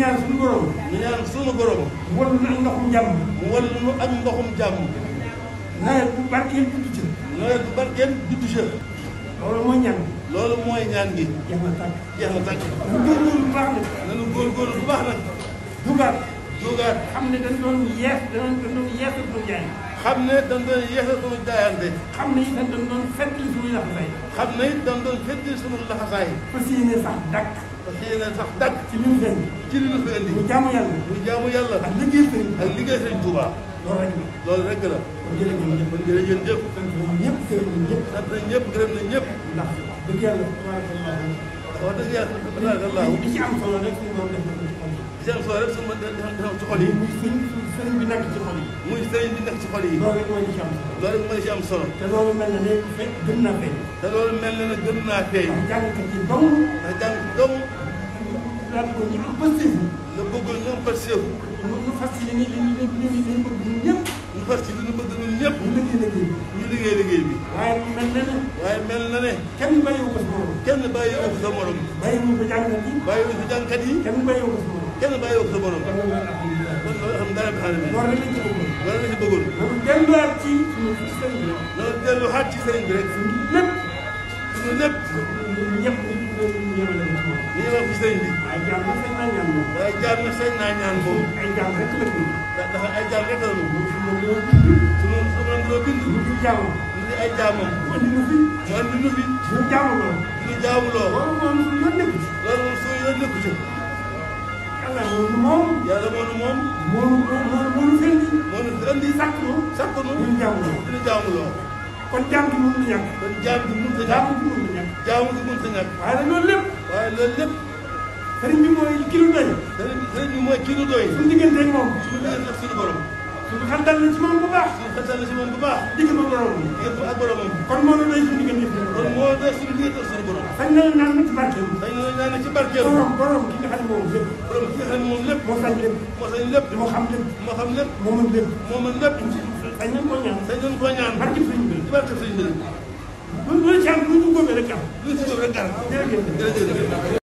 ñaan suñu borom. ñu ñaan suñu borom. mu wàllu ak ndoxum jàmm. mu wàllu ak ndoxum jàmm. nawet bu barkeel juddu jë. nawet bu barkeel juddu jë. loolu mooy ñaan. loolu mooy ñaan gi. jeex na tàkk jeex na tàkk. nanu góorgóorlu bu baax nag. nanu góorgóorlu bu baax nag. dugaat. dugaat xam ne dañ doon yees dañ doon yeesal suñu jaay xam ne dañ doon yeesal suñu jaayante xam ne itam dañ doon fettli xam ne it dañ doon fettli suñu laxasaay sax dakk ci li ñu indi ci li ñu fi indi bu jaamu yàlla bu jaamu yàlla ak liggéey sëñ ak liggéey sëñ Touba loolu rek la loolu rek la jërëjëf jërëjëf jëf ñëpp gërëm nañ ñëpp sant nañ ñëpp gërëm nañ ñëpp ndax dëgg yàlla wax dëgg yàlla alhamdulilah. li ci am solo rek suñu borom def nañu ko ci xol yi. li ci am solo rek suñu borom def nañu ci xol yi. muy suñ sëriñ bi nekk ci xol yi. muy sëriñ bi nekk ci xol yi. loolu rek mooy li ci am solo. loolu rek mooy li ci am solo. te loolu mel na ne fekk gën naa feeñ. te loolu mel na ne gën naa feeñ. ndax jàngkat yi dong. ndax jàngkat dong. daal ko ñu am pësteefu. nga bëgg ñu am pësteefu. ñu fas yéene li ñu li ñu li ñu bëgg ñëpp. ne ne. waaye mel na ne. kenn bàyyiwu ko sa morom. kenn bàyyiwu ko sa morom. bàyyiwu ko jàngkat yi. bàyyiwu ko jàngkat yi. kenn bàyyiwu ko sa morom. kenn bàyyiwu ko sa morom. kon loolu alhamdulilah. kon loolu alhamdulilah. loolu lañ ci bëggoon. loolu lañ ci bëggoon. loolu delluwaat ci sëriñ bi rek. loolu delluwaat ci sëriñ bi rek. lépp. suñu lépp. ñëpp ñëpp la ñu. li ñu wax ci sëriñ bi. waaye jaar na sañ naa ñaan moom. waaye jaar na sañ naa ñaan moom. ay jaar rek la ñu. dafa ay jaar rek la ñu. suñu suñu ay jaamam. mu andi nu fi. mu andi nu fi. ñu jaamuloo. ñu jaamuloo. loolu moom yoon nekku ci. loolu moom suñu yoon nekku ci. yàlla moonu moom. yàlla moonu moom. moonu moonu moonu fi andi. moonu fi andi. sakk nu. sakk nu ñu jaamuloo. ñu jaamuloo. kon jaam gi mënut a ñàkk. kon jaam gi mënut a ñàkk. jaamu gi mënut a ñàkk. jaamu gi mënut a ñàkk. waaye nag loolu lépp. waaye loolu lépp. sëriñ bi mooy kii lu doy. sëriñ bi mooy kii lu doy. suñu digganteeg moom. suñu digganteeg suñu borom. xantal na ci moom bu baax. xantal na ci moom bu baax. digg ma borom. digg ak boromam. kon moo doon ay suñu diggante. kon moo doon suñu diggante suñu borom. sañ nañu naan na ci barkeem. sañ nañu naan na ci barkeem. borom borom ki nga xam ne moom lépp. borom ki nga xam ne moom lépp. moo sañ lépp. moo sañ lépp. moo xam lépp. moo xam lépp. moo mën lépp. moo mën lépp. sañ nañ ko ñaan. sañ nañ ko ñaan. barke sëñ bi ci barke sëñ bi. lu lu ci am lu ñu góobee rek am. lu ñu ci góobee rek am. jërëjëf jërëjëf